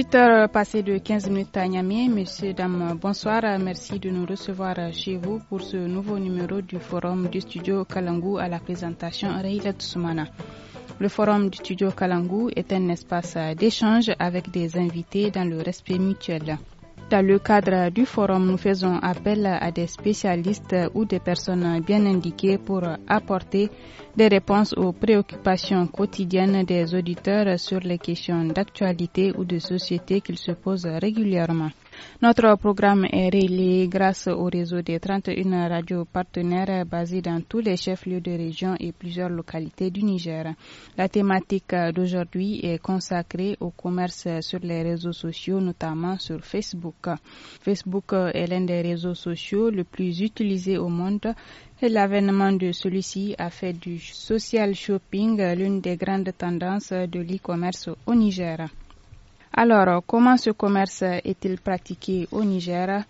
18 heures passées de 15 minutes à Niamey. Messieurs, dames, bonsoir. Merci de nous recevoir chez vous pour ce nouveau numéro du Forum du Studio Kalangou à la présentation Reila Tsoumana. Le Forum du Studio Kalangu est un espace d'échange avec des invités dans le respect mutuel. Dans le cadre du forum, nous faisons appel à des spécialistes ou des personnes bien indiquées pour apporter des réponses aux préoccupations quotidiennes des auditeurs sur les questions d'actualité ou de société qu'ils se posent régulièrement. Notre programme est relayé grâce au réseau des 31 radios partenaires basées dans tous les chefs-lieux de région et plusieurs localités du Niger. La thématique d'aujourd'hui est consacrée au commerce sur les réseaux sociaux, notamment sur Facebook. Facebook est l'un des réseaux sociaux le plus utilisés au monde et L'avènement de celui-ci a fait du social shopping l'une des grandes tendances de l'e-commerce au Niger. Alors, comment ce commerce est-il pratiqué au Niger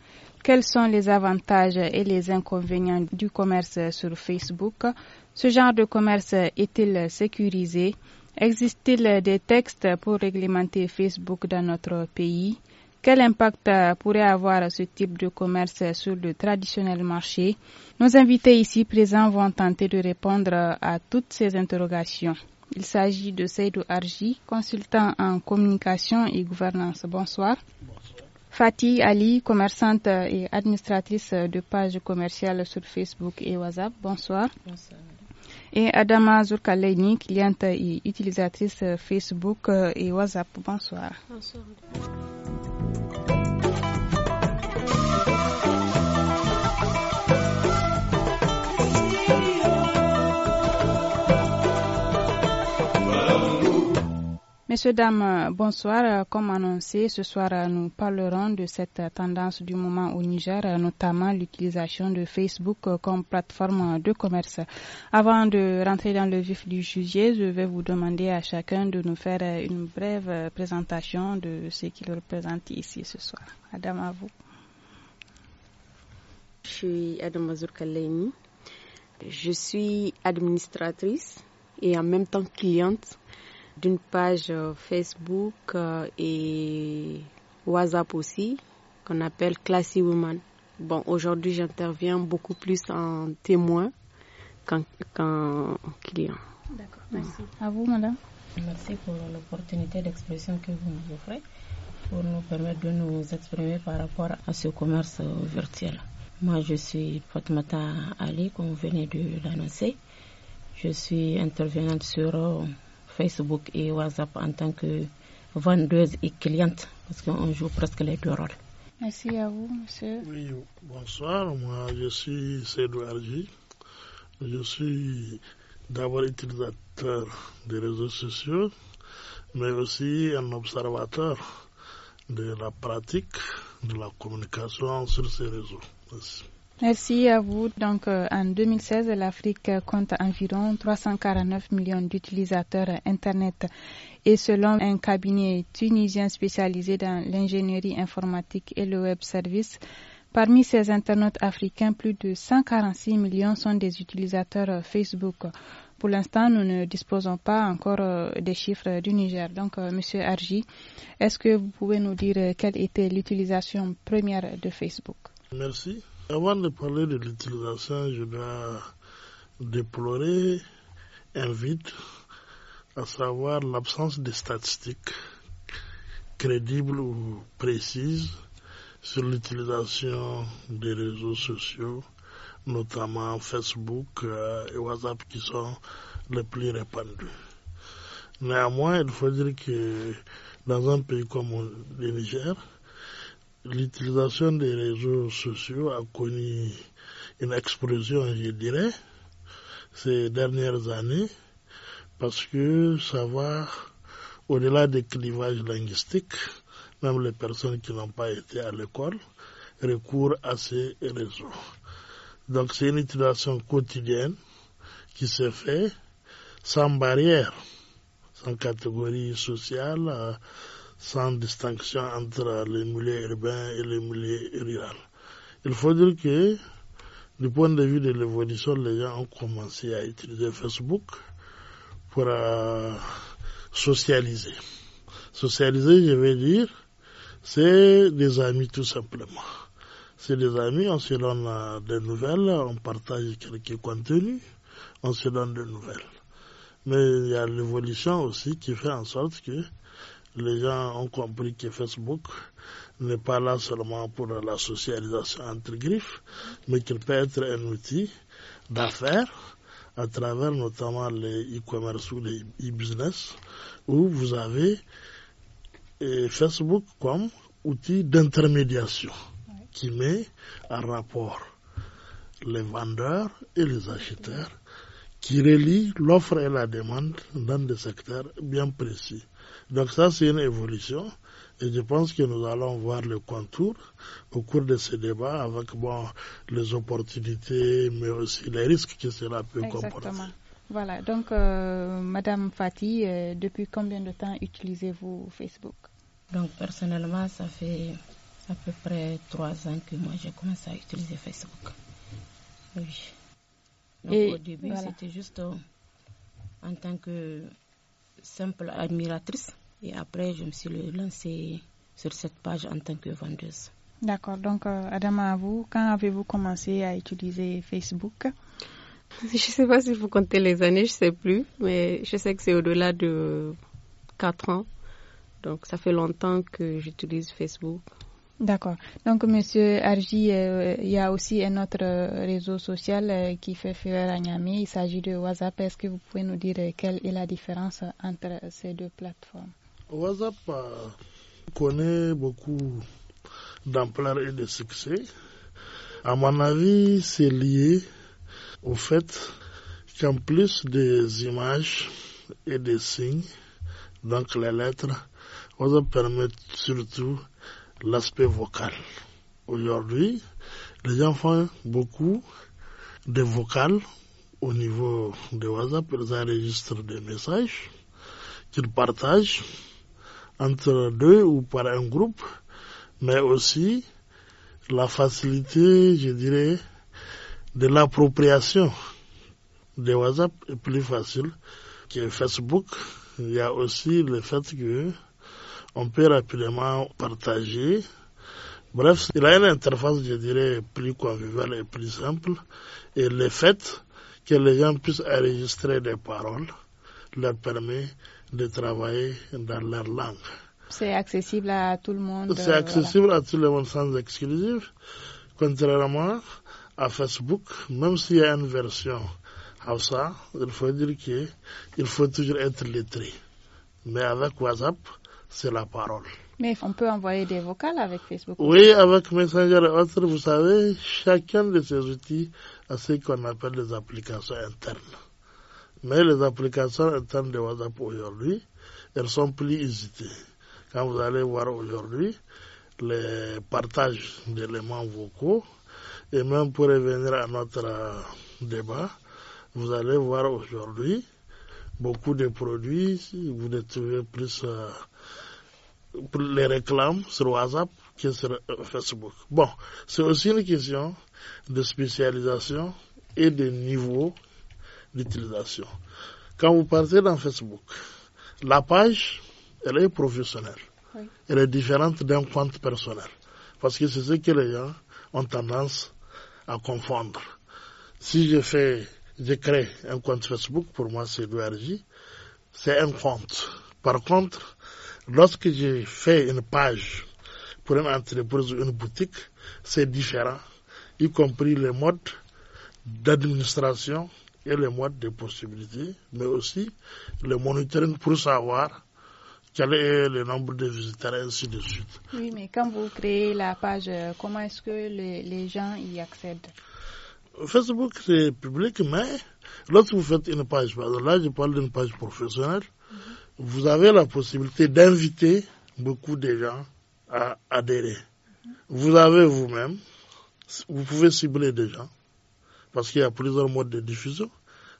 Quels sont les avantages et les inconvénients du commerce sur Facebook Ce genre de commerce est-il sécurisé Existe-t-il des textes pour réglementer Facebook dans notre pays quel impact pourrait avoir ce type de commerce sur le traditionnel marché Nos invités ici présents vont tenter de répondre à toutes ces interrogations. Il s'agit de Seydou Arji, consultant en communication et gouvernance. Bonsoir. Bonsoir. Fatih Ali, commerçante et administratrice de pages commerciales sur Facebook et WhatsApp. Bonsoir. Bonsoir. Et Adama Zurkaleini, cliente et utilisatrice Facebook et WhatsApp. Bonsoir. Bonsoir. Messieurs, dames, euh, bonsoir. Euh, comme annoncé, ce soir, euh, nous parlerons de cette tendance du moment au Niger, notamment l'utilisation de Facebook comme plateforme de commerce. Avant de rentrer dans le vif du sujet, je vais vous demander à chacun de nous faire une brève présentation de ce qu'il représente ici ce soir. Madame, à vous. Je suis Adam Je suis administratrice et en même temps cliente d'une page euh, Facebook euh, et WhatsApp aussi, qu'on appelle Classy Woman. Bon, aujourd'hui, j'interviens beaucoup plus en témoin qu'en client. D'accord, merci. Mm. À vous, madame. Merci pour l'opportunité d'expression que vous nous offrez pour nous permettre de nous exprimer par rapport à ce commerce euh, virtuel. Moi, je suis Fatmata Ali, comme vous venez de l'annoncer. Je suis intervenante sur Facebook et WhatsApp en tant que vendeuse et cliente, parce qu'on joue presque les deux rôles. Merci à vous, monsieur. Oui, bonsoir. Moi, je suis Cédou Je suis d'abord utilisateur des réseaux sociaux, mais aussi un observateur de la pratique de la communication sur ces réseaux. Merci. Merci à vous. Donc, euh, en 2016, l'Afrique compte environ 349 millions d'utilisateurs Internet. Et selon un cabinet tunisien spécialisé dans l'ingénierie informatique et le web service, Parmi ces internautes africains, plus de 146 millions sont des utilisateurs Facebook. Pour l'instant, nous ne disposons pas encore euh, des chiffres du Niger. Donc, euh, Monsieur Arji, est-ce que vous pouvez nous dire quelle était l'utilisation première de Facebook Merci. Avant de parler de l'utilisation, je dois déplorer un vide, à savoir l'absence de statistiques crédibles ou précises sur l'utilisation des réseaux sociaux, notamment Facebook euh, et WhatsApp qui sont les plus répandus. Néanmoins, il faut dire que dans un pays comme le Niger, l'utilisation des réseaux sociaux a connu une explosion, je dirais, ces dernières années, parce que ça va au-delà des clivages linguistiques, même les personnes qui n'ont pas été à l'école recourent à ces réseaux. Donc c'est une utilisation quotidienne qui se fait sans barrière, sans catégorie sociale, euh, sans distinction entre les milieux urbains et les milieux ruraux. Il faut dire que, du point de vue de l'évolution, les gens ont commencé à utiliser Facebook pour euh, socialiser. Socialiser, je veux dire, c'est des amis tout simplement. C'est des amis, on se donne euh, des nouvelles, on partage quelques contenus, on se donne des nouvelles. Mais il y a l'évolution aussi qui fait en sorte que les gens ont compris que Facebook n'est pas là seulement pour la socialisation entre griffes, mais qu'il peut être un outil d'affaires à travers notamment les e-commerce ou les e-business, où vous avez euh, Facebook comme outil d'intermédiation qui met en rapport les vendeurs et les acheteurs, qui relie l'offre et la demande dans des secteurs bien précis. Donc ça, c'est une évolution. Et je pense que nous allons voir le contour au cours de ce débat avec bon, les opportunités, mais aussi les risques que cela peut Exactement. Voilà, donc euh, Madame Fatih, euh, depuis combien de temps utilisez-vous Facebook Donc personnellement, ça fait à peu près trois ans que moi j'ai commencé à utiliser Facebook. Oui. Donc au début, c'était juste euh, en tant que simple admiratrice. Et après, je me suis lancée sur cette page en tant que vendeuse. D'accord. Donc, euh, Adama, vous, quand avez-vous commencé à utiliser Facebook Je ne sais pas si vous comptez les années, je ne sais plus, mais je sais que c'est au-delà de 4 ans. Donc, ça fait longtemps que j'utilise Facebook. D'accord. Donc, Monsieur Arji, euh, il y a aussi un autre réseau social euh, qui fait fureur à Niamey. Il s'agit de WhatsApp. Est-ce que vous pouvez nous dire euh, quelle est la différence entre ces deux plateformes WhatsApp connaît beaucoup d'ampleur et de succès. À mon avis, c'est lié au fait qu'en plus des images et des signes, donc les lettres, WhatsApp permet surtout l'aspect vocal. Aujourd'hui, les enfants beaucoup de vocales au niveau de WhatsApp. Ils enregistrent des messages qu'ils partagent entre deux ou par un groupe, mais aussi la facilité, je dirais, de l'appropriation de WhatsApp est plus facile que Facebook. Il y a aussi le fait que on peut rapidement partager. Bref, il a une interface, je dirais, plus conviviale et plus simple. Et le fait que les gens puissent enregistrer des paroles leur permet de travailler dans leur langue. C'est accessible à tout le monde. C'est euh, accessible à tout le monde sans exclusif. Contrairement à Facebook, même s'il y a une version À ça, il faut dire qu'il faut toujours être lettré. Mais avec WhatsApp, c'est la parole. Mais on peut envoyer des vocales avec Facebook. Oui, avec Messenger et autres, vous savez, chacun de ces outils a ce qu'on appelle des applications internes. Mais les applications internes de WhatsApp aujourd'hui, elles sont plus hésitées. Quand vous allez voir aujourd'hui, les partages d'éléments vocaux, et même pour revenir à notre euh, débat, vous allez voir aujourd'hui beaucoup de produits, vous les trouvez plus... Euh, les réclames sur WhatsApp que sur euh, Facebook. Bon, c'est aussi une question de spécialisation et de niveau d'utilisation. Quand vous partez dans Facebook, la page, elle est professionnelle. Elle est différente d'un compte personnel. Parce que c'est ce que les gens ont tendance à confondre. Si je fais, je crée un compte Facebook, pour moi c'est l'ORJ, c'est un compte. Par contre, Lorsque j'ai fait une page pour une entreprise ou une boutique, c'est différent, y compris les modes d'administration et les modes de possibilités, mais aussi le monitoring pour savoir quel est le nombre de visiteurs et ainsi de suite. Oui, mais quand vous créez la page, comment est-ce que les, gens y accèdent Facebook, c'est public, mais lorsque vous faites une page, là je parle d'une page professionnelle, mhm vous avez la possibilité d'inviter beaucoup de gens à adhérer. Vous avez vous-même, vous pouvez cibler des gens, parce qu'il y a plusieurs modes de diffusion.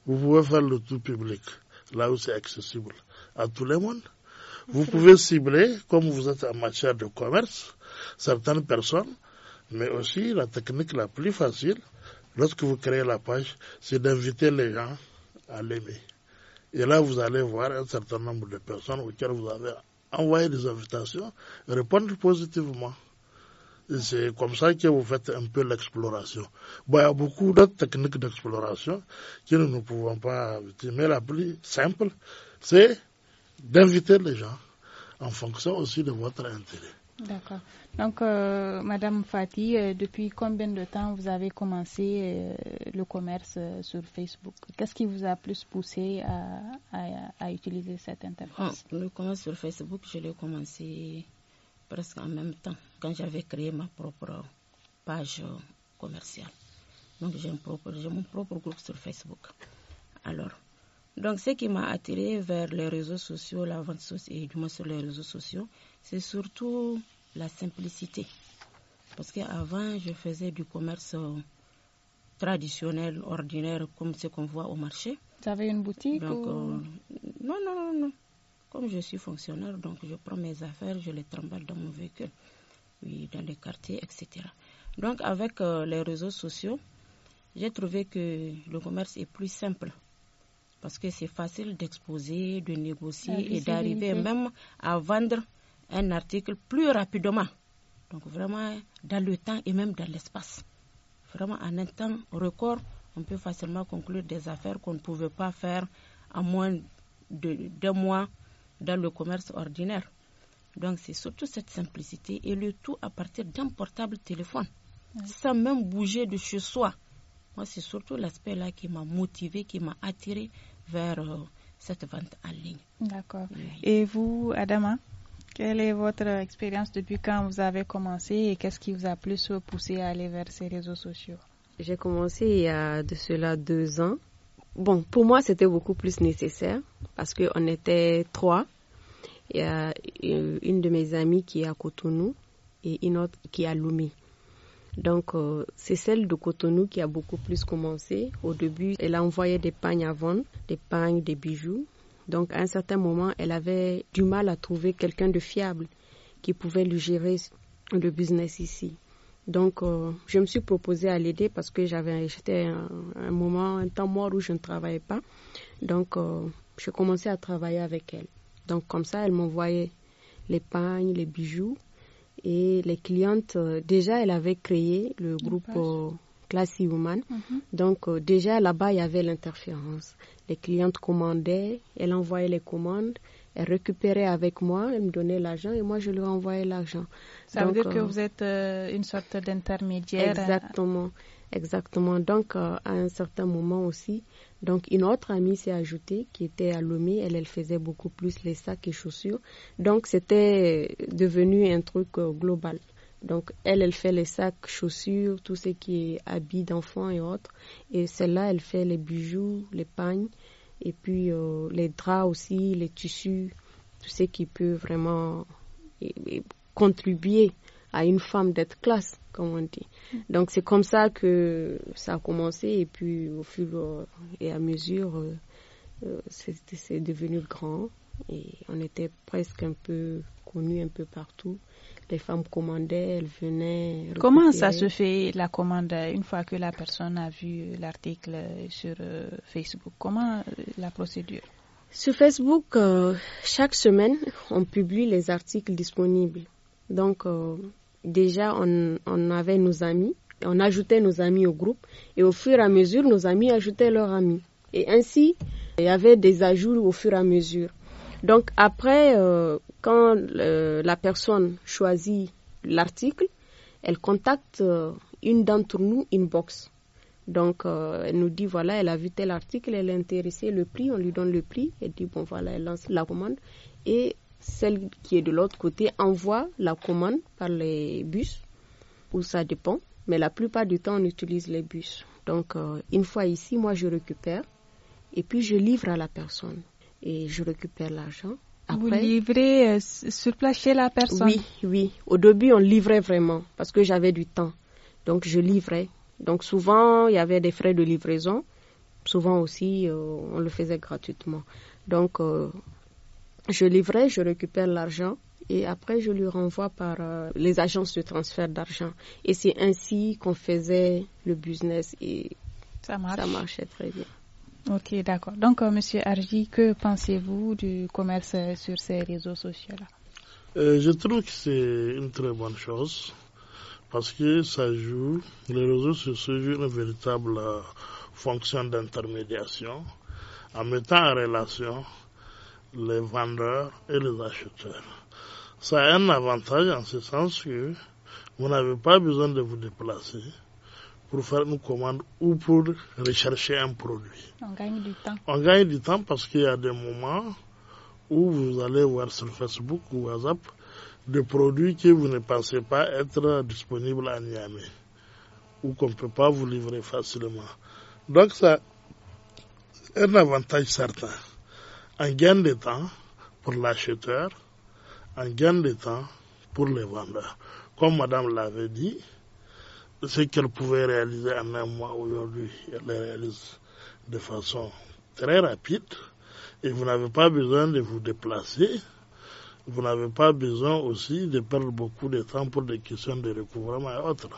Vous pouvez faire le tout public, là où c'est accessible à tout le monde. Vous pouvez cibler, comme vous êtes en matière de commerce, certaines personnes, mais aussi la technique la plus facile, lorsque vous créez la page, c'est d'inviter les gens à l'aimer. Et là, vous allez voir un certain nombre de personnes auxquelles vous avez envoyé des invitations répondre positivement. C'est comme ça que vous faites un peu l'exploration. il y a beaucoup d'autres techniques d'exploration que nous ne pouvons pas utiliser, mais la plus simple, c'est d'inviter les gens en fonction aussi de votre intérêt. D'accord. Donc, euh, Madame Fatih, euh, depuis combien de temps vous avez commencé euh, le commerce sur Facebook Qu'est-ce qui vous a plus poussé à, utiliser cette interface ah, Le commerce sur Facebook, je l'ai commencé presque en même temps quand j'avais créé ma propre page commerciale. Donc, j'ai mon propre groupe sur Facebook. Alors, donc, ce qui m'a attiré vers les réseaux sociaux, la vente sociale, et du moins sur les réseaux sociaux, c'est surtout la simplicité. Parce qu'avant, je faisais du commerce euh, traditionnel, ordinaire, comme ce qu'on voit au marché. Tu avais une boutique donc, euh, Non, non, non, non. Comme je suis fonctionnaire, donc je prends mes affaires, je les tremble dans mon véhicule, oui, dans les quartiers, etc. Donc avec euh, les réseaux sociaux, j'ai trouvé que le commerce est plus simple parce que c'est facile d'exposer, de négocier et d'arriver même à vendre un article plus rapidement. Donc vraiment dans le temps et même dans l'espace. Vraiment en un temps record, on peut facilement conclure des affaires qu'on ne pouvait pas faire en moins de deux mois dans le commerce ordinaire. Donc c'est surtout cette simplicité et le tout à partir d'un portable téléphone, sans même bouger de chez soi. Moi, c'est surtout l'aspect là qui m'a motivé, qui m'a attiré vers euh, cette vente en ligne. D'accord. Et vous, Adama quelle est votre expérience depuis quand vous avez commencé et qu'est-ce qui vous a plus poussé à aller vers ces réseaux sociaux J'ai commencé il y a de cela deux ans. Bon, pour moi, c'était beaucoup plus nécessaire parce qu'on était trois. Il y a euh, une de mes amies qui est à Cotonou et une autre qui est à Lumi. Donc, euh, c'est celle de Cotonou qui a beaucoup plus commencé. Au début, elle a envoyé des pagnes à vendre, des pagnes, des bijoux. Donc à un certain moment, elle avait du mal à trouver quelqu'un de fiable qui pouvait lui gérer le business ici. Donc euh, je me suis proposée à l'aider parce que j'avais j'étais un, moment, un temps mort où je ne travaillais pas. Donc euh, je commençais à travailler avec elle. Donc comme ça, elle m'envoyait les pagnes, les bijoux. Et les clientes, euh, déjà, elle avait créé le groupe classe humaine. Mhm. Donc euh, déjà là-bas, il y avait l'interférence. Les clientes commandaient, elles envoyaient les commandes, elles récupéraient avec moi, elles me donnaient l'argent et moi je lui envoyais l'argent. Ça veut dire que euh, vous êtes euh, une sorte d'intermédiaire. Exactement. Exactement. Donc, à un certain moment aussi, donc une autre amie s'est ajoutée qui était à Lomé. Elle, faisait beaucoup plus les sacs et chaussures. Donc, c'était devenu un truc global. Donc, elle, elle fait les sacs, chaussures, tout ce qui est habits d'enfants et autres. Et celle-là, elle fait les bijoux, les pagnes, et puis euh, les draps aussi, les tissus, tout ce qui peut vraiment contribuer à une femme d'être classe, comme on dit. Donc, c'est comme ça que ça a commencé, et puis au fur euh, et à mesure, euh, c'est devenu grand, et on était presque un peu connus un peu partout les femmes commandaient, elles venaient. Comment ça se fait la commande une fois que la personne a vu euh, l'article euh, sur euh, Facebook Comment la procédure Sur Facebook, chaque semaine, on publie les articles disponibles. Donc, déjà, on, avait nos amis, on ajoutait nos amis au groupe, et au fur et à mesure, nos amis ajoutaient leurs amis. Et ainsi, il y avait des ajouts au fur et à mesure. Donc après, euh, quand euh, la personne choisit l'article, elle contacte euh, une d'entre nous, une box. Donc elle nous dit voilà, elle a vu tel article, elle est intéressée, le prix, on lui donne le prix, elle dit bon voilà, elle lance la commande et celle qui est de l'autre côté envoie la commande par les bus ou ça dépend, mais la plupart du temps on utilise les bus. Donc une fois ici, moi je récupère et puis je livre à la personne et je récupère l'argent. Après, Vous livrez euh, sur place chez la personne Oui, oui. Au début, on livrait vraiment parce que j'avais du temps. Donc, je livrais. Donc, souvent, il y avait des frais de livraison. Souvent aussi, euh, on le faisait gratuitement. Donc, euh, je livrais, je récupère l'argent et après, je lui renvoie par les agences de transfert d'argent. Et c'est ainsi qu'on faisait le business et ça, ça marchait très bien. Ok, d'accord. Donc, euh, Monsieur Arji, que pensez-vous du commerce sur ces réseaux sociaux-là euh, Je trouve que c'est une très bonne chose parce que ça joue, les réseaux sociaux jouent une véritable euh, fonction d'intermédiation en mettant en relation les vendeurs et les acheteurs. Ça a un avantage en ce sens que vous n'avez pas besoin de vous déplacer pour faire une commande ou pour rechercher un produit. On gagne du temps. On gagne du temps parce qu'il y a des moments où vous allez voir sur Facebook ou WhatsApp des produits que vous ne pensez pas être disponibles à Niamey ou qu'on ne peut pas vous livrer facilement. Donc ça, un avantage certain. On gagne de temps pour l'acheteur, un gain de temps pour les vendeurs. Comme Madame l'avait dit, ce qu'elle pouvait réaliser en un mois aujourd'hui, elle les réalise de façon très rapide et vous n'avez pas besoin de vous déplacer. Vous n'avez pas besoin aussi de perdre beaucoup de temps pour des questions de recouvrement et autres.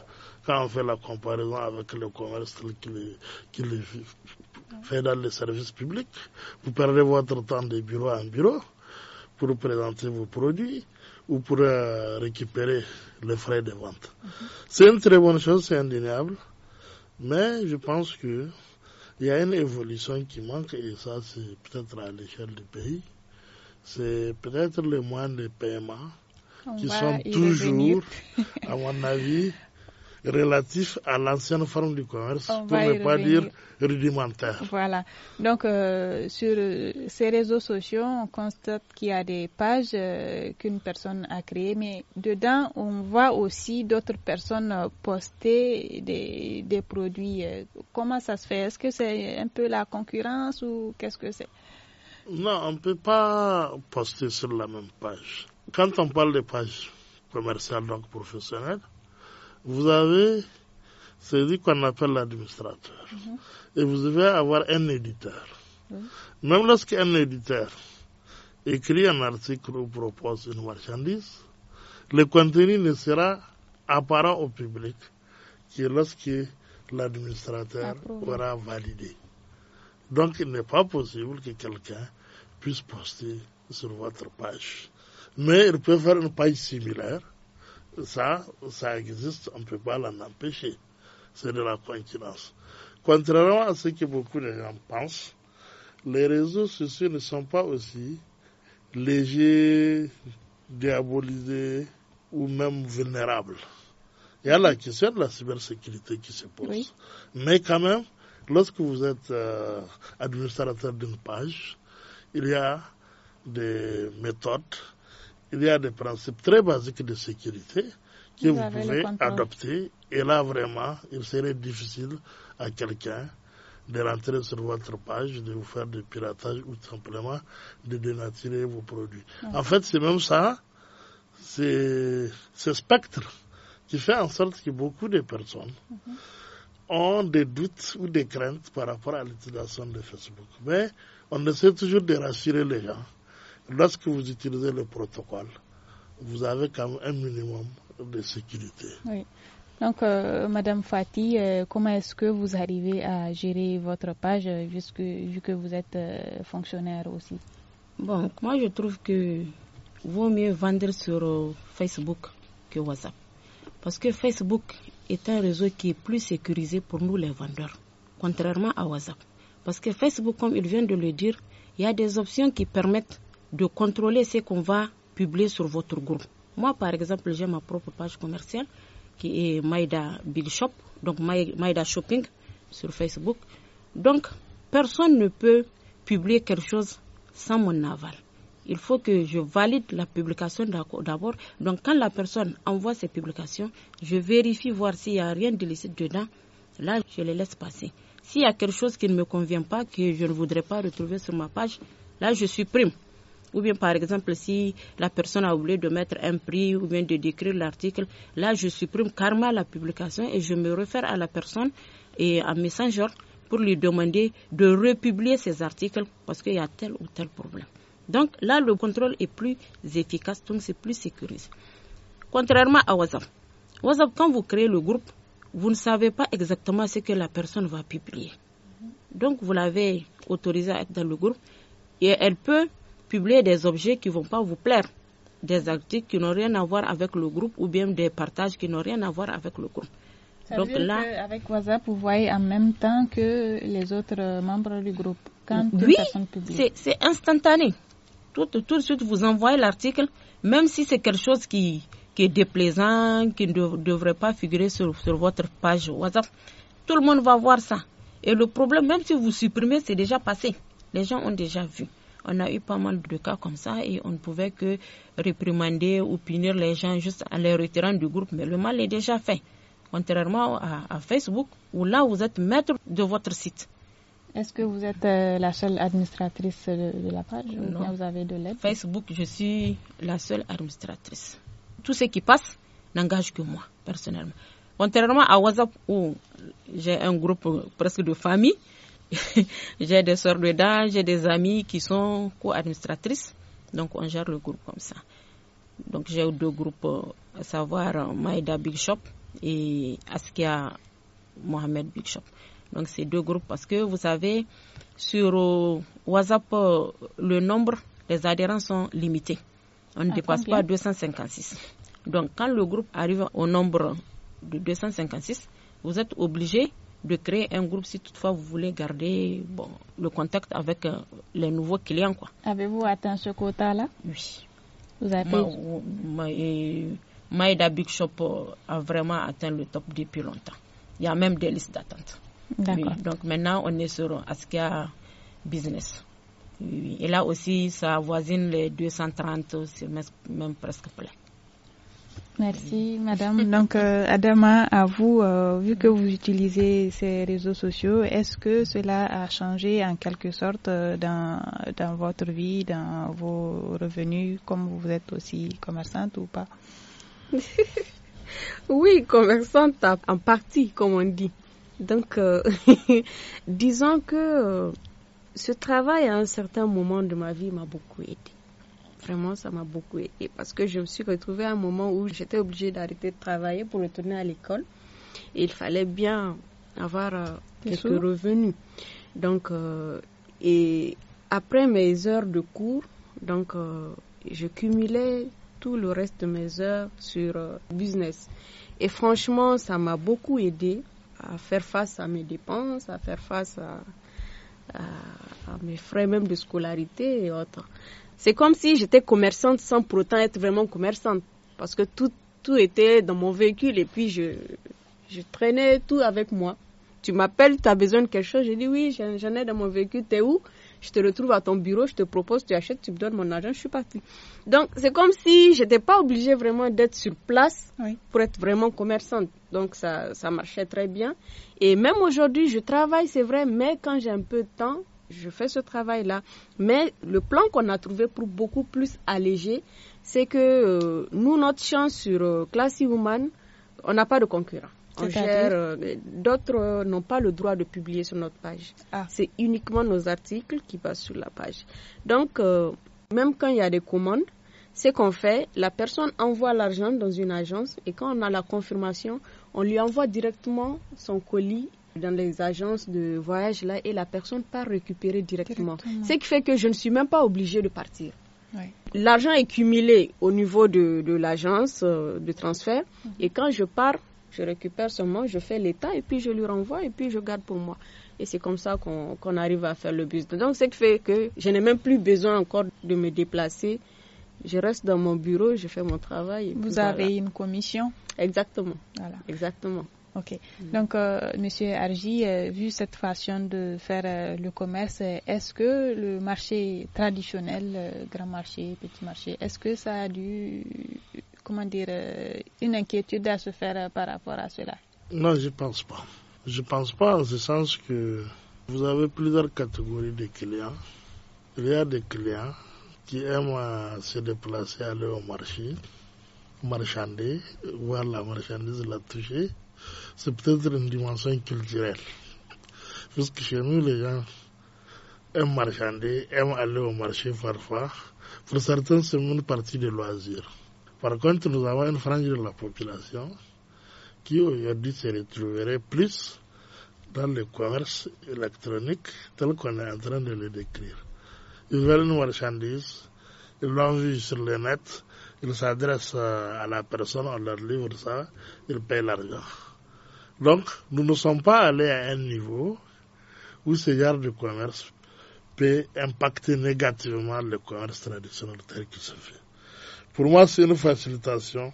Quand on fait la comparaison avec le commerce qui qui fait dans les services publics, vous perdez votre temps de bureau en bureau pour présenter vos produits ou pour euh, récupérer les frais de vente. Mhm. C'est une très bonne chose, c'est indéniable, mais je pense que il y a une évolution qui manque et ça c'est peut-être à l'échelle du pays. C'est peut-être les moins de paiement qui sont toujours, à mon avis, relatif à l'ancienne forme du commerce, pour ne pas dire rudimentaire. Voilà. Donc, euh, sur euh, ces réseaux sociaux, on constate qu'il y a des pages euh, qu'une personne a créées, mais dedans, on voit aussi d'autres personnes poster des, des produits. Comment ça se fait Est-ce que c'est un peu la concurrence ou qu'est-ce que c'est Non, on ne peut pas poster sur la même page. Quand on parle de pages commerciales, donc professionnelles, vous avez celui qu'on appelle l'administrateur. Mhm. Et vous devez avoir un éditeur. Même lorsque Même lorsqu'un éditeur écrit un article ou propose une marchandise, le contenu ne sera apparent au public que lorsque l'administrateur aura validé. Donc il n'est pas possible que quelqu'un puisse poster sur votre page. Mais il peut faire une page similaire ça, ça existe, on ne peut pas l'en empêcher. C'est de la coïncidence. Contrairement à ce que beaucoup de gens pensent, les réseaux sociaux ne sont pas aussi légers, diabolisés ou même vulnérables. Il y a la question de la cybersécurité qui se pose. Mais quand même, lorsque vous êtes euh, administrateur d'une page, il y a des méthodes il y a des principes très basiques de sécurité que vous, pouvez adopter. Et là, vraiment, il serait difficile à quelqu'un de rentrer sur votre page, de vous faire du piratage ou simplement de dénaturer vos produits. En fait, c'est même ça, c'est ce spectre qui fait en sorte que beaucoup de personnes mhm. ont des doutes ou des craintes par rapport à l'utilisation de Facebook. Mais on essaie toujours de rassurer les gens lorsque vous utilisez le protocole, vous avez quand même un minimum de sécurité. Donc, euh, Madame Fatih, euh, comment est-ce que vous arrivez à gérer votre page euh, jusque, vu que vous êtes fonctionnaire aussi Bon, moi je trouve que vaut mieux vendre sur Facebook que WhatsApp. Parce que Facebook est un réseau qui est plus sécurisé pour nous les vendeurs, contrairement à WhatsApp. Parce que Facebook, comme il vient de le dire, il y a des options qui permettent de contrôler ce qu'on va publier sur votre groupe. Moi, par exemple, j'ai ma propre page commerciale qui est Maïda Bill Shop, donc Maïda Shopping sur Facebook. Donc, personne ne peut publier quelque chose sans mon aval. Il faut que je valide la publication d'abord. Donc, quand la personne envoie ses publications, je vérifie voir s'il n'y a rien d'illicite dedans. Là, je les laisse passer. S'il y a quelque chose qui ne me convient pas, que je ne voudrais pas retrouver sur ma page, là, je supprime. Ou bien, par exemple, si la personne a oublié de mettre un prix ou bien de décrire l'article, là, je supprime karma la publication et je me réfère à la personne et à Messenger pour lui demander de republier ses articles parce qu'il y a tel ou tel problème. Donc là, le contrôle est plus efficace, donc c'est plus sécurisé. Contrairement à WhatsApp. WhatsApp, quand vous créez le groupe, vous ne savez pas exactement ce que la personne va publier. Donc vous l'avez autorisé à être dans le groupe et elle peut publier des objets qui ne vont pas vous plaire, des articles qui n'ont rien à voir avec le groupe ou bien des partages qui n'ont rien à voir avec le groupe. Donc là, avec WhatsApp, vous voyez en même temps que les autres membres du groupe. Quand oui, c'est instantané. Tout, tout, de suite, vous envoyez l'article, même si c'est quelque chose qui, qui, est déplaisant, qui ne devrait pas figurer sur, sur votre page WhatsApp. Tout le monde va voir ça. Et le problème, même si vous supprimez, c'est déjà passé. Les gens ont déjà vu. On a eu pas mal de cas comme ça et on ne pouvait que réprimander ou punir les gens juste en les retirant du groupe. Mais le mal est déjà fait, contrairement à, Facebook où là vous êtes maître de votre site. Est-ce que vous êtes euh, la seule administratrice de, la page vous avez de l'aide Facebook, je suis la seule administratrice. Tout ce qui passe n'engage que moi, personnellement. Contrairement à WhatsApp où j'ai un groupe presque de famille, j'ai des soeurs dedans, j'ai des amis qui sont co-administratrices. Donc, on gère le groupe comme ça. Donc, j'ai deux groupes, à savoir euh, Maïda Big Shop et Askia Mohamed Big Shop. Donc, c'est deux groupes parce que vous savez, sur euh, WhatsApp, euh, le nombre des adhérents sont limités. On ne ah, dépasse pas 256. Donc, quand le groupe arrive au nombre de 256, vous êtes obligé de créer un groupe si toutefois vous voulez garder bon, le contact avec euh, les nouveaux clients. quoi. Avez-vous atteint ce quota-là Oui. Vous avez... Ma, Maïda Big Shop euh, a vraiment atteint le top depuis longtemps. Il y a même des listes d'attente. D'accord. donc maintenant, on est sur Askia Business. Oui, et là aussi, ça avoisine les 230, c'est même presque plein. Merci, madame. Donc, euh, Adama, à vous, euh, vu que vous utilisez ces réseaux sociaux, est-ce que cela a changé en quelque sorte euh, dans, dans votre vie, dans vos revenus, comme vous êtes aussi commerçante ou pas Oui, commerçante en partie, comme on dit. Donc, disons que ce travail à un certain moment de ma vie m'a beaucoup aidé. Vraiment, ça m'a beaucoup aidé parce que je me suis retrouvée à un moment où j'étais obligée d'arrêter de travailler pour retourner à l'école. Et il fallait bien avoir euh, quelques revenus. Donc, euh, et après mes heures de cours, donc, euh, je cumulais tout le reste de mes heures sur business. Et franchement, ça m'a beaucoup aidé à faire face à mes dépenses, à faire face à mes frais même de scolarité et autres. C'est comme si j'étais commerçante sans pour autant être vraiment commerçante. Parce que tout, tout était dans mon véhicule et puis je, je traînais tout avec moi. Tu m'appelles, tu as besoin de quelque chose. Je dis oui, j'en ai dans mon véhicule, t'es où Je te retrouve à ton bureau, je te propose, tu achètes, tu me donnes mon argent, je suis partie. Donc c'est comme si j'étais pas obligée vraiment d'être sur place pour être vraiment commerçante. Donc ça, ça marchait très bien. Et même aujourd'hui, je travaille, c'est vrai, mais quand j'ai un peu de temps, je fais ce travail-là. Mais le plan qu'on a trouvé pour beaucoup plus alléger, c'est que euh, nous, notre chance sur euh, Woman, on n'a pas de concurrent. On gère, euh, d'autres euh, n'ont pas le droit de publier sur notre page. Ah. C'est uniquement nos articles qui passent sur la page. Donc, même quand il y a des commandes, ce qu'on fait, la personne envoie l'argent dans une agence et quand on a la confirmation, on lui envoie directement son colis dans les agences de voyage là et la personne part récupérer directement. C'est Ce qui fait que je ne suis même pas obligée de partir. L'argent est cumulé au niveau de, de l'agence euh, de transfert mhm. et quand je pars, je récupère seulement, je fais l'état et puis je lui renvoie et puis je garde pour moi. Et c'est comme ça qu'on arrive à faire le business. Donc, ce qui fait que je n'ai même plus besoin encore de me déplacer. Je reste dans mon bureau, je fais mon travail. Vous avez une commission Exactement. Voilà. Exactement. Ok. Mm. Donc, euh, Monsieur Argy, euh, vu cette façon de faire euh, le commerce, est-ce que le marché traditionnel, grand marché, petit marché, est-ce que ça a dû, comment dire, une inquiétude à se faire par rapport à cela Non, je pense pas. Je pense pas en ce sens que vous avez plusieurs catégories de clients. Il y a des clients qui aiment se déplacer, aller au marché, marchander, voir la marchandise, la toucher c'est peut-être une dimension culturelle. Puisque chez nous, les gens aiment marchander, aiment aller au marché parfois. Pour certains, c'est une partie de loisirs. Par contre, nous avons une frange de la population qui aujourd'hui se retrouverait plus dans le commerce électronique tel qu'on est en train de le décrire. Ils veulent une marchandise, ils l'ont vu sur le net, ils s'adressent à la personne, on leur livre ça, ils payent l'argent. Donc, nous ne sommes pas allés à un niveau où ces gardes de commerce peut impacter négativement le commerce traditionnel tel qu'il se fait. Pour moi, c'est une facilitation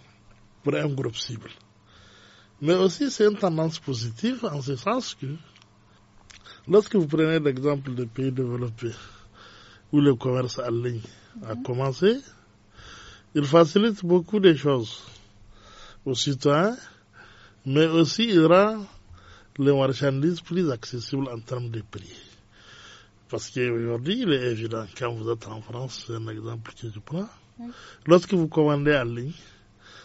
pour un groupe cible. Mais aussi, c'est une tendance positive en ce sens que lorsque vous prenez l'exemple des pays développés où le commerce en ligne a mhm. commencé, il facilite beaucoup de choses aux citoyens mais aussi il rend les marchandises plus accessibles en termes de prix. Parce qu'aujourd'hui, il est évident, quand vous êtes en France, c'est un exemple que je prends, lorsque vous commandez en ligne,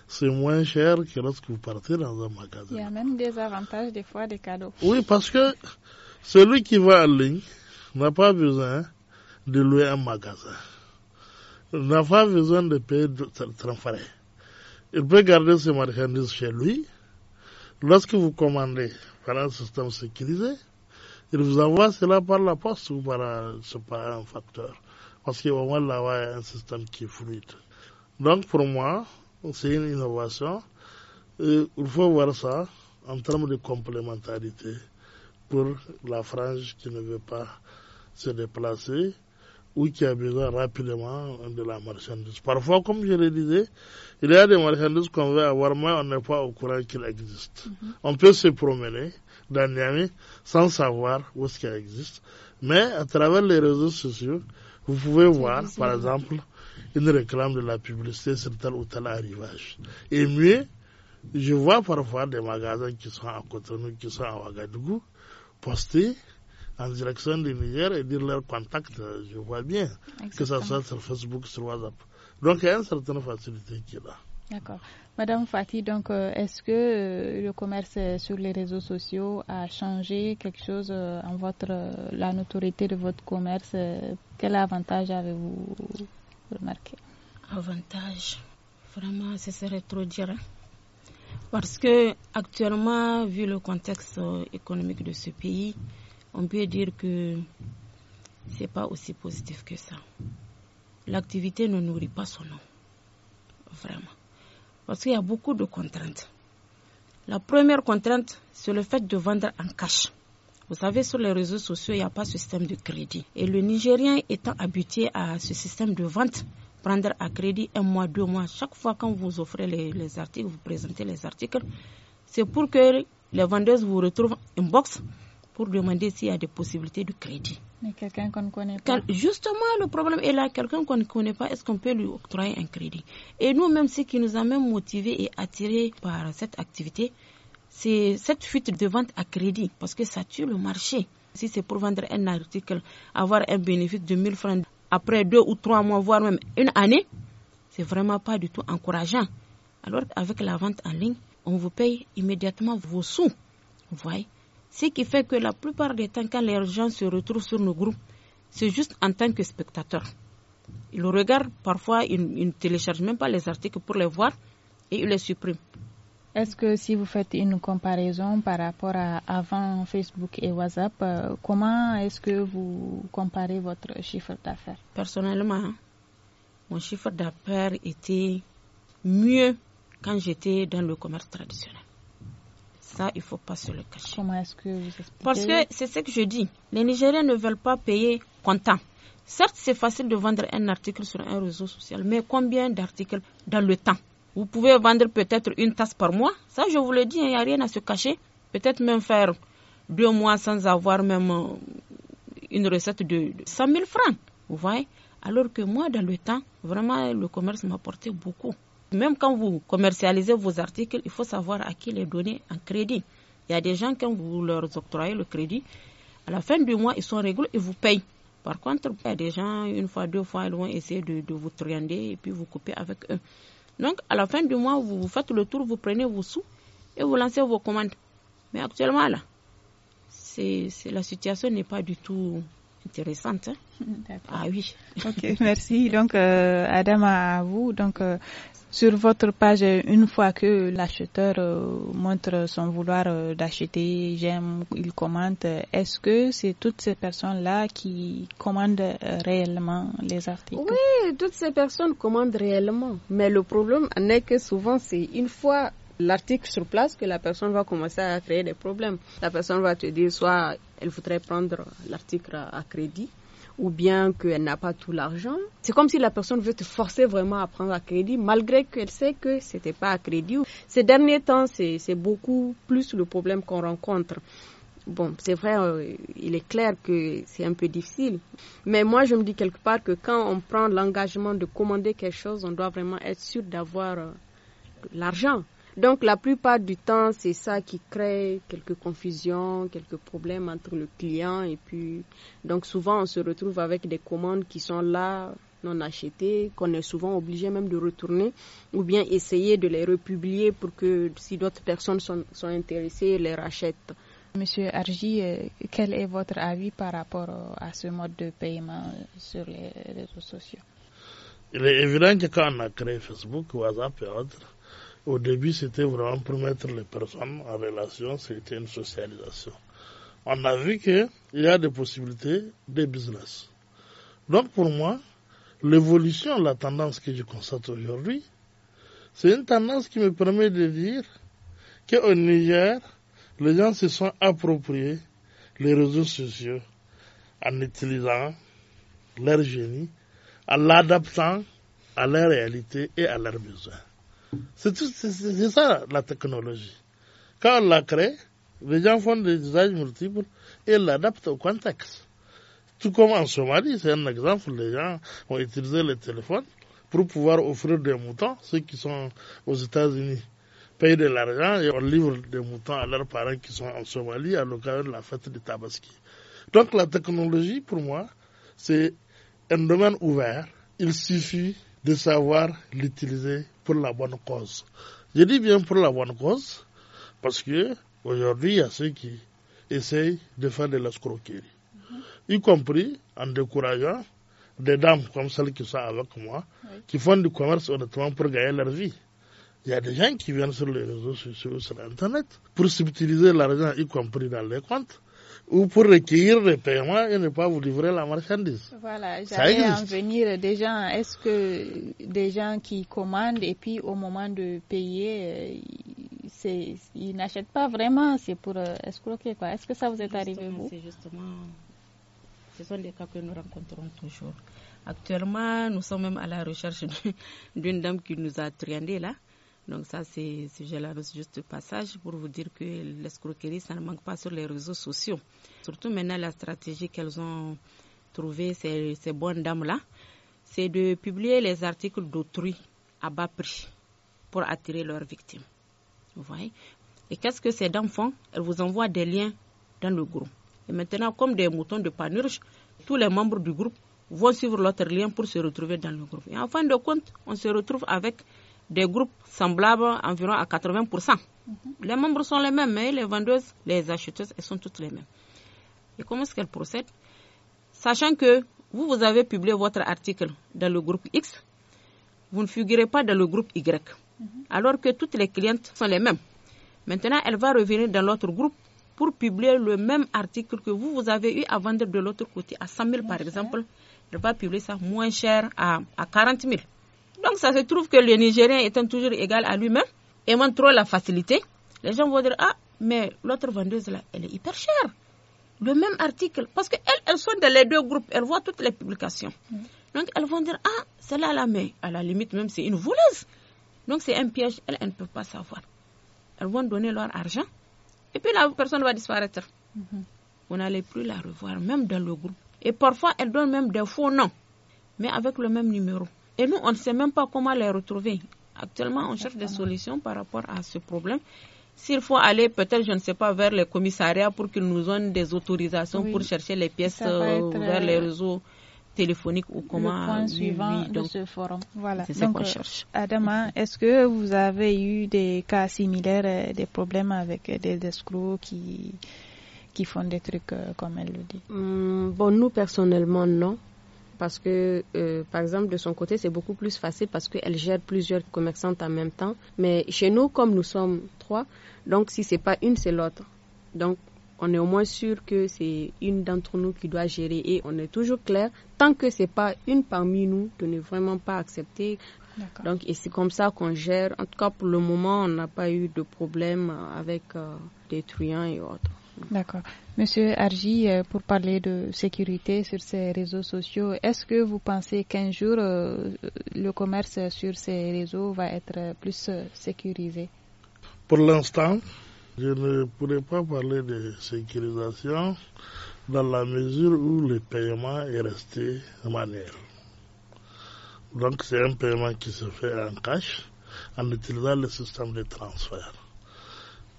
c'est moins cher que lorsque vous partez dans un magasin. Il y a même des avantages, des fois, des cadeaux. Oui, parce que celui qui va en ligne n'a pas besoin de louer un magasin. Il n'a pas besoin de payer de, transfert. Il peut garder ses marchandises chez lui Lorsque vous commandez par un système sécurisé, il vous envoie cela par la poste ou par un, facteur. Parce qu'au moins, là, il un système qui est fluide. Donc, pour moi, c'est une innovation. il faut voir ça en termes de complémentarité pour la frange qui ne veut pas se déplacer ou qui a besoin rapidement de la marchandise. Parfois, comme je le disais, il y a des marchandises qu'on veut avoir, mais on n'est pas au courant qu'il existe. Mhm. On peut se promener dans Niamey sans savoir où ce qu'il existe. Mais à travers les réseaux sociaux, vous pouvez voir, par exemple, une réclame de la publicité sur tel ou tel arrivage. Et mieux, je vois parfois des magasins qui sont à Cotonou, qui sont à Ouagadougou, postés, en direction du Niger et dire leur contact, euh, je vois bien, que ça soit sur Facebook, sur WhatsApp. Donc il y a une certaine facilité qui est là. D'accord. Madame Fatih, donc euh, est-ce que euh, le commerce sur les réseaux sociaux a changé quelque chose en votre la notoriété de votre commerce Quel avantage avez-vous remarqué Avantage, vraiment, ce serait trop dire. Hein. Parce que actuellement, vu le contexte économique de ce pays, on peut dire que ce n'est pas aussi positif que ça. L'activité ne nourrit pas son nom. Vraiment. Parce qu'il y a beaucoup de contraintes. La première contrainte, c'est le fait de vendre en cash. Vous savez, sur les réseaux sociaux, il n'y a pas de système de crédit. Et le Nigérien étant habitué à ce système de vente, prendre à crédit un mois, deux mois, chaque fois quand vous offrez les, articles, vous présentez les articles, c'est pour que les vendeuses vous retrouvent une box pour demander s'il y a des possibilités de crédit. Mais quelqu'un qu'on ne connaît pas. Justement, le problème est là. Quelqu'un qu'on ne connaît pas, est-ce qu'on peut lui octroyer un crédit Et nous-mêmes, ce qui nous a même motivés et attirés par cette activité, c'est cette fuite de vente à crédit, parce que ça tue le marché. Si c'est pour vendre un article, avoir un bénéfice de 1000 francs après deux ou trois mois, voire même une année, c'est vraiment pas du tout encourageant. Alors, avec la vente en ligne, on vous paye immédiatement vos sous. Vous voyez ce qui fait que la plupart des temps, quand les gens se retrouvent sur nos groupes, c'est juste en tant que spectateur. Ils regardent, parfois, ils, ne téléchargent même pas les articles pour les voir et ils les suppriment. Est-ce que si vous faites une comparaison par rapport à avant Facebook et WhatsApp, euh, comment est-ce que vous comparez votre chiffre d'affaires Personnellement, hein, mon chiffre d'affaires était mieux quand j'étais dans le commerce traditionnel. Ça, il faut pas se le cacher. Parce que c'est ce que je dis. Les Nigériens ne veulent pas payer comptant. Certes, c'est facile de vendre un article sur un réseau social, mais combien d'articles dans le temps Vous pouvez vendre peut-être une tasse par mois. Ça, je vous le dis, il hein, n'y a rien à se cacher. Peut-être même faire deux mois sans avoir même euh, une recette de 100 000 francs. Vous voyez Alors que moi, dans le temps, vraiment, le commerce m'a porté beaucoup même quand vous commercialisez vos articles, il faut savoir à qui les donner en crédit. Il y a des gens, quand vous leur octroyez le crédit, à la fin du mois, ils sont réglés et vous payent. Par contre, il y a des gens, une fois, deux fois, ils vont essayer de, vous triander et puis vous couper avec eux. Donc, à la fin du mois, vous faites le tour, vous prenez vos sous et vous lancez vos commandes. Mais actuellement, là, c'est, la situation n'est pas du tout intéressante. Hein. Ah oui. Ok, merci. Donc, euh, Adam, à vous. Donc, euh, sur votre page, une fois que l'acheteur euh, montre son vouloir euh, d'acheter, j'aime, il commente, est-ce que c'est toutes ces personnes-là qui commandent euh, réellement les articles Oui, toutes ces personnes commandent réellement. Mais le problème n'est que souvent, c'est une fois l'article sur place que la personne va commencer à créer des problèmes. La personne va te dire soit elle voudrait prendre l'article à crédit ou bien qu'elle n'a pas tout l'argent. C'est comme si la personne veut te forcer vraiment à prendre à crédit, malgré qu'elle sait que ce n'était pas à crédit. Ces derniers temps, c'est beaucoup plus le problème qu'on rencontre. Bon, c'est vrai, euh, il est clair que c'est un peu difficile. Mais moi, je me dis quelque part que quand on prend l'engagement de commander quelque chose, on doit vraiment être sûr d'avoir euh, l'argent. Donc la plupart du temps, c'est ça qui crée quelques confusions, quelques problèmes entre le client et puis donc souvent on se retrouve avec des commandes qui sont là non achetées, qu'on est souvent obligé même de retourner ou bien essayer de les republier pour que si d'autres personnes sont, intéressées, les rachètent. Monsieur Argy, euh, quel est votre avis par rapport à ce mode de paiement sur les réseaux sociaux Il est évident que quand on a créé Facebook, WhatsApp et autres, au début, c'était vraiment pour mettre les personnes en relation, c'était une socialisation. On a vu qu'il y a des possibilités de business. Donc pour moi, l'évolution, la tendance que je constate aujourd'hui, c'est une tendance qui me permet de dire qu'au Niger, les gens se sont appropriés les réseaux sociaux en utilisant leur génie, en l'adaptant à leur réalité et à leurs besoins. C'est ça la technologie. Quand on la crée, les gens font des usages multiples et l'adaptent au contexte. Tout comme en Somalie, c'est un exemple, les gens ont utilisé le téléphone pour pouvoir offrir des moutons, ceux qui sont aux États-Unis payent de l'argent et on livre des moutons à leurs parents qui sont en Somalie à l'occasion de la fête de Tabaski. Donc la technologie, pour moi, c'est un domaine ouvert. Il suffit de savoir l'utiliser pour la bonne cause. Je dis bien pour la bonne cause, parce que aujourd'hui, il y a ceux qui essayent de faire de la scroquerie, mhm. y compris en décourageant des dames comme celles qui sont avec moi, qui font du commerce honnêtement pour gagner leur vie. Il y a des gens qui viennent sur les réseaux sociaux, sur Internet, pour subtiliser l'argent, y compris dans les comptes ou pour recueillir les paiement et ne pas vous livrer la marchandise. Voilà, j'allais en venir des gens. Est-ce que des gens qui commandent et puis au moment de payer, euh, ils n'achètent pas vraiment, c'est pour euh, escroquer quoi. Est-ce que ça vous est arrivé vous C'est justement, ce sont des cas que nous rencontrons toujours. Actuellement, nous sommes même à la recherche d'une dame qui nous a triandé là. Donc ça, c'est je juste passage pour vous dire que l'escroquerie, ça ne manque pas sur les réseaux sociaux. Surtout maintenant, la stratégie qu'elles ont trouvée, ces, ces bonnes dames-là, c'est de publier les articles d'autrui à bas prix pour attirer leurs victimes. Vous voyez Et qu'est-ce que ces dames font Elles vous envoient des liens dans le groupe. Et maintenant, comme des moutons de panurge, tous les membres du groupe vont suivre l'autre lien pour se retrouver dans le groupe. Et en fin de compte, on se retrouve avec des groupes semblables environ à 80%. Mhm. Les membres sont les mêmes, mais les vendeuses, les acheteuses, elles sont toutes les mêmes. Et comment est-ce qu'elles procèdent Sachant que vous, vous avez publié votre article dans le groupe X, vous ne figurez pas dans le groupe Y, mhm. alors que toutes les clientes sont les mêmes. Maintenant, elle va revenir dans l'autre groupe pour publier le même article que vous, vous avez eu à vendre de l'autre côté à 100 000 par exemple. Elle va publier ça moins cher à, à 40 000. Donc ça se trouve que le Nigérien étant toujours égal à lui-même, et trop la facilité, les gens vont dire Ah, mais l'autre vendeuse là, elle est hyper chère. Le même article. Parce qu'elles, elles sont dans les deux groupes, elles voient toutes les publications. Donc elles vont dire Ah, celle-là la mais à la limite même c'est une voleuse. Donc c'est un piège, elles, ne peuvent pas savoir. Elles vont donner leur argent et puis la personne va disparaître. Vous n'allez plus la revoir, même dans le groupe. Et parfois, elles donnent même des faux noms, mais avec le même numéro. Et nous, on ne sait même pas comment les retrouver. Actuellement, on cherche des solutions par rapport à ce problème. S'il faut aller, peut-être, je ne sais pas, vers les commissariats pour qu'ils nous donnent des autorisations pour chercher les pièces euh, vers euh, les réseaux téléphoniques ou comment. Le point suivant de ce forum. Voilà. C'est ça qu'on cherche. Euh, Adama, est-ce que vous avez eu des cas similaires, des problèmes avec des escrocs qui, qui font des trucs comme elle le dit hum, Bon, nous, personnellement, non parce que, euh, par exemple, de son côté, c'est beaucoup plus facile parce qu'elle gère plusieurs commerçantes en même temps. Mais chez nous, comme nous sommes trois, donc si c'est pas une, c'est l'autre. Donc, on est au moins sûr que c'est une d'entre nous qui doit gérer et on est toujours clair, tant que c'est pas une parmi nous, de ne vraiment pas accepter. Donc, et c'est comme ça qu'on gère. En tout cas, pour le moment, on n'a pas eu de problème avec euh, des truands et autres. D'accord. Monsieur Argy, euh, pour parler de sécurité sur ces réseaux sociaux, est-ce que vous pensez qu'un jour euh, le commerce sur ces réseaux va être plus euh, sécurisé Pour l'instant, je ne pourrais pas parler de sécurisation dans la mesure où le paiement est resté manuel. Donc c'est un paiement qui se fait en cash en utilisant le système de transfert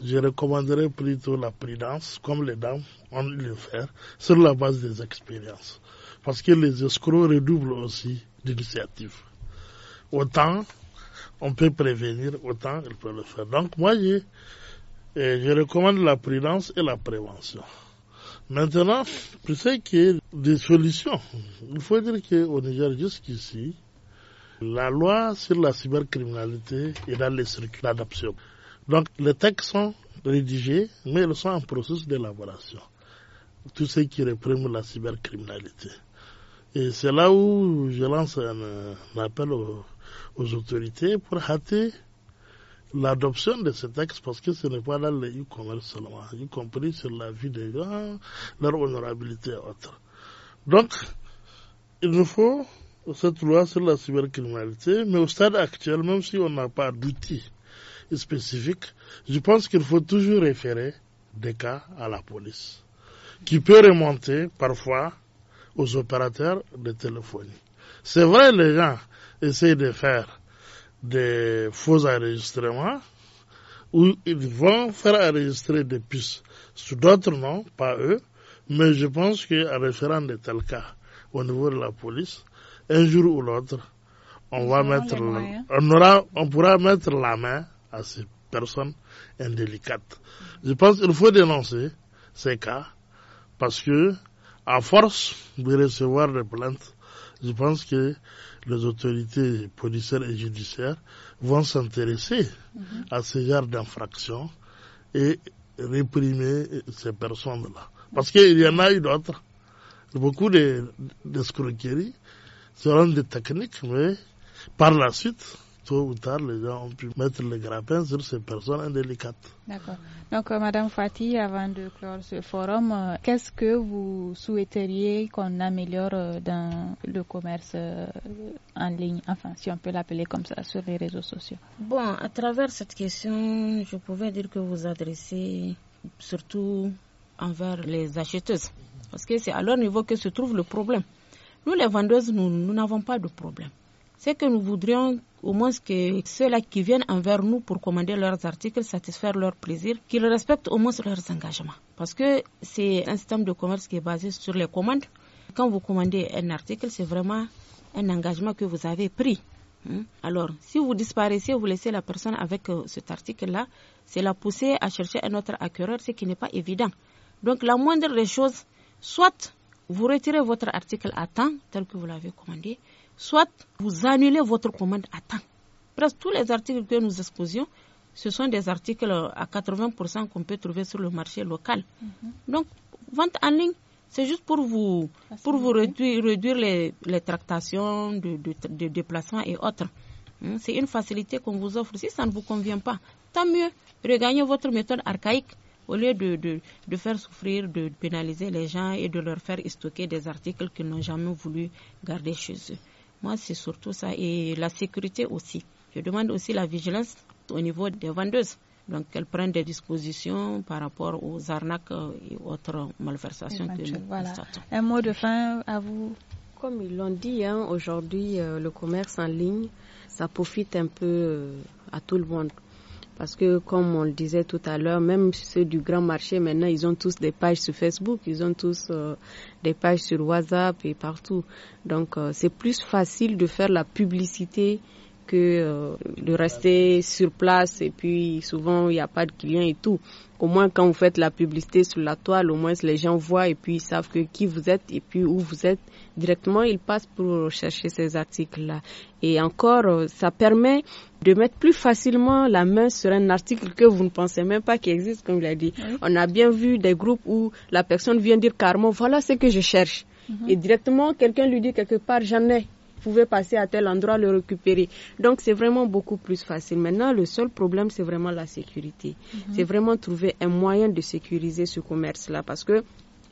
je recommanderais plutôt la prudence, comme les dames ont le faire, sur la base des expériences. Parce que les escrocs redoublent aussi l'initiative. Autant on peut prévenir, autant ils peuvent le faire. Donc moi, je, euh, je recommande la prudence et la prévention. Maintenant, pour ce qui est des solutions, il faut dire qu'au Niger, jusqu'ici, la loi sur la cybercriminalité est dans les circuits d'adoption. Donc les textes sont rédigés, mais ils sont en processus d'élaboration. Tout ce qui réprime la cybercriminalité. Et c'est là où je lance un, appel aux, autorités pour hâter l'adoption de ces textes, parce que ce n'est pas là le e-commerce seulement, y compris sur la vie des gens, leur honorabilité et autres. Donc, il nous faut cette loi sur la cybercriminalité, mais au stade actuel, même si on n'a pas d'outils spécifique, je pense qu'il faut toujours référer des cas à la police, qui peut remonter parfois aux opérateurs de téléphonie. C'est vrai, les gens essayent de faire des faux enregistrements où ils vont faire enregistrer des puces. Sous d'autres noms, pas eux, mais je pense qu'en référant de tels cas au niveau de la police, un jour ou l'autre, on va mettre, on pourra mettre la main à ces personnes indélicates. Je pense qu'il faut dénoncer ces cas parce que, à force de recevoir des plaintes, je pense que les autorités policières et judiciaires vont s'intéresser mhm. à ces genre d'infractions et réprimer ces personnes-là. Parce qu'il y en a eu d'autres. Beaucoup d'escroqueries de, seront des techniques, mais par la suite, tôt ou tard, les gens ont pu mettre le grappin sur ces personnes indélicates. D'accord. Donc, euh, Madame Fatih, avant de clore ce forum, euh, qu'est-ce que vous souhaiteriez qu'on améliore euh, dans le commerce en ligne, enfin, si on peut l'appeler comme ça, sur les réseaux sociaux Bon, à travers cette question, je pouvais dire que vous adressez surtout envers les acheteuses, parce que c'est à leur niveau que se trouve le problème. Nous, les vendeuses, nous n'avons pas de problème c'est que nous voudrions au moins que ceux-là qui viennent envers nous pour commander leurs articles, satisfaire leur plaisir, qu'ils respectent au moins leurs engagements. Parce que c'est un système de commerce qui est basé sur les commandes. Quand vous commandez un article, c'est vraiment un engagement que vous avez pris. Hein. Alors, si vous disparaissez, vous laissez la personne avec euh, cet article-là, c'est la pousser à chercher un autre acquéreur, ce qui n'est pas évident. Donc, la moindre des choses, soit vous retirez votre article à temps, tel que vous l'avez commandé, soit vous annulez votre commande à temps. Presque tous les articles que nous exposions, ce sont des articles à 80% qu'on peut trouver sur le marché local. Mhm. Donc, vente en ligne, c'est juste pour vous, pour vous réduire, les, tractations de, déplacement et autres. Hein, c'est une facilité qu'on vous offre. Si ça ne vous convient pas, tant mieux. Regagnez votre méthode archaïque au lieu de, de, faire souffrir, de pénaliser les gens et de leur faire stocker des articles qu'ils n'ont jamais voulu garder chez eux. Moi, c'est surtout ça. Et la sécurité aussi. Je demande aussi la vigilance au niveau des vendeuses. Donc, qu'elles prennent des dispositions par rapport aux arnaques euh, et autres malversations. voilà. Un mot de fin à vous. Comme ils l'ont dit, hein, aujourd'hui, euh, le commerce en ligne, ça profite un peu euh, à tout le monde. Parce que, comme on le disait tout à l'heure, même ceux du grand marché, maintenant, ils ont tous des pages sur Facebook, ils ont tous euh, des pages sur WhatsApp et partout. Donc, euh, c'est plus facile de faire la publicité que euh, de rester sur place et puis souvent il n'y a pas de clients et tout. Au moins quand vous faites la publicité sur la toile, au moins les gens voient et puis ils savent que qui vous êtes et puis où vous êtes. Directement, ils passent pour chercher ces articles-là. Et encore, euh, ça permet de mettre plus facilement la main sur un article que vous ne pensez même pas qu'il existe, comme je l'ai dit. On a bien vu des groupes où la personne vient dire carrément, voilà ce que je cherche. Mhm. Et directement, quelqu'un lui dit quelque part, j'en ai pouvez passer à tel endroit, le récupérer. Donc c'est vraiment beaucoup plus facile. Maintenant, le seul problème, c'est vraiment la sécurité. Mhm. C'est vraiment trouver un moyen de sécuriser ce commerce-là parce que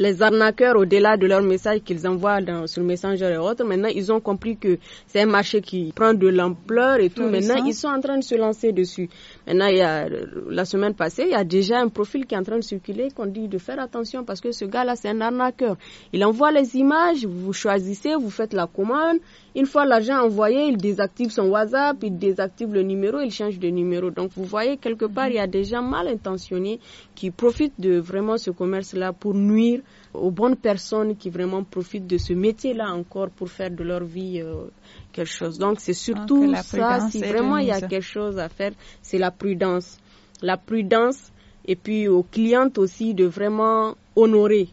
les arnaqueurs, au-delà de leur message qu'ils envoient dans, sur Messenger et autres, maintenant, ils ont compris que c'est un marché qui prend de l'ampleur et tout. Maintenant, ils sont en train de se lancer dessus. Maintenant, il y a, la semaine passée, il y a déjà un profil qui est en train de circuler qu'on dit de faire attention parce que ce gars-là, c'est un arnaqueur. Il envoie les images, vous choisissez, vous faites la commande. Une fois l'argent envoyé, il désactive son WhatsApp, il désactive le numéro, il change de numéro. Donc, vous voyez, quelque part, il y a des gens mal intentionnés qui profitent de vraiment ce commerce-là pour nuire aux bonnes personnes qui vraiment profitent de ce métier-là encore pour faire de leur vie euh, quelque chose. Donc c'est surtout ça, si vraiment il y a quelque chose à faire, c'est la prudence. La prudence et puis aux clientes aussi de vraiment honorer.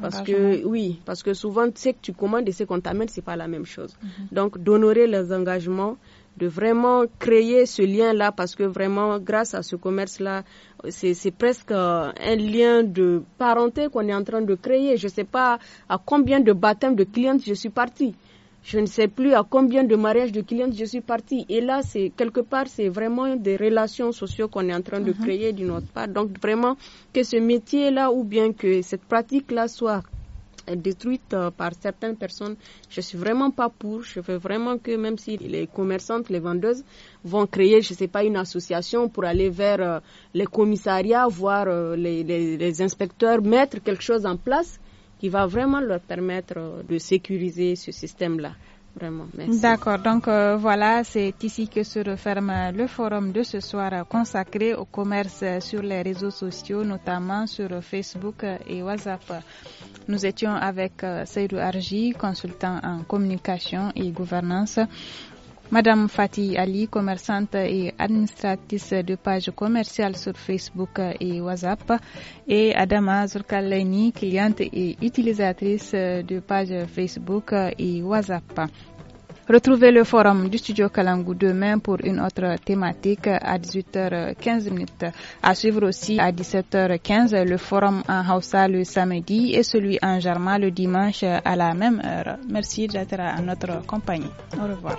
Parce que oui, parce que souvent tu sais que tu commandes et ce qu'on t'amène, c'est pas la même chose. Mhm. Donc d'honorer leurs engagements, de vraiment créer ce lien-là parce que vraiment, grâce à ce commerce-là, c'est presque euh, un lien de parenté qu'on est en train de créer. Je ne sais pas à combien de baptêmes de clientes je suis partie. Je ne sais plus à combien de mariages de clientes je suis partie. Et là, c'est quelque part, c'est vraiment des relations sociales qu'on est en train de mhm. créer d'une autre part. Donc vraiment, que ce métier-là ou bien que cette pratique-là soit détruite euh, par certaines personnes. Je suis vraiment pas pour. Je veux vraiment que même si les commerçantes, les vendeuses vont créer, je ne sais pas, une association pour aller vers euh, les commissariats, voir euh, les inspecteurs, mettre quelque chose en place qui va vraiment leur permettre de sécuriser ce système-là. D'accord, donc euh, voilà, c'est ici que se referme le forum de ce soir consacré au commerce sur les réseaux sociaux, notamment sur Facebook et WhatsApp. Nous étions avec euh, Seydou Arji, consultant en communication et gouvernance. Madame Fatih Ali, commerçante et administratrice de pages commerciales sur Facebook et WhatsApp, et Adama Zurkaleni, cliente et utilisatrice de pages Facebook et WhatsApp. Retrouvez le forum du studio Kalangu demain pour une autre thématique à 18h15 minutes. À suivre aussi à 17h15 le forum en Hausa le samedi et celui en Jarma le dimanche à la même heure. Merci d'être à notre compagnie. Au revoir.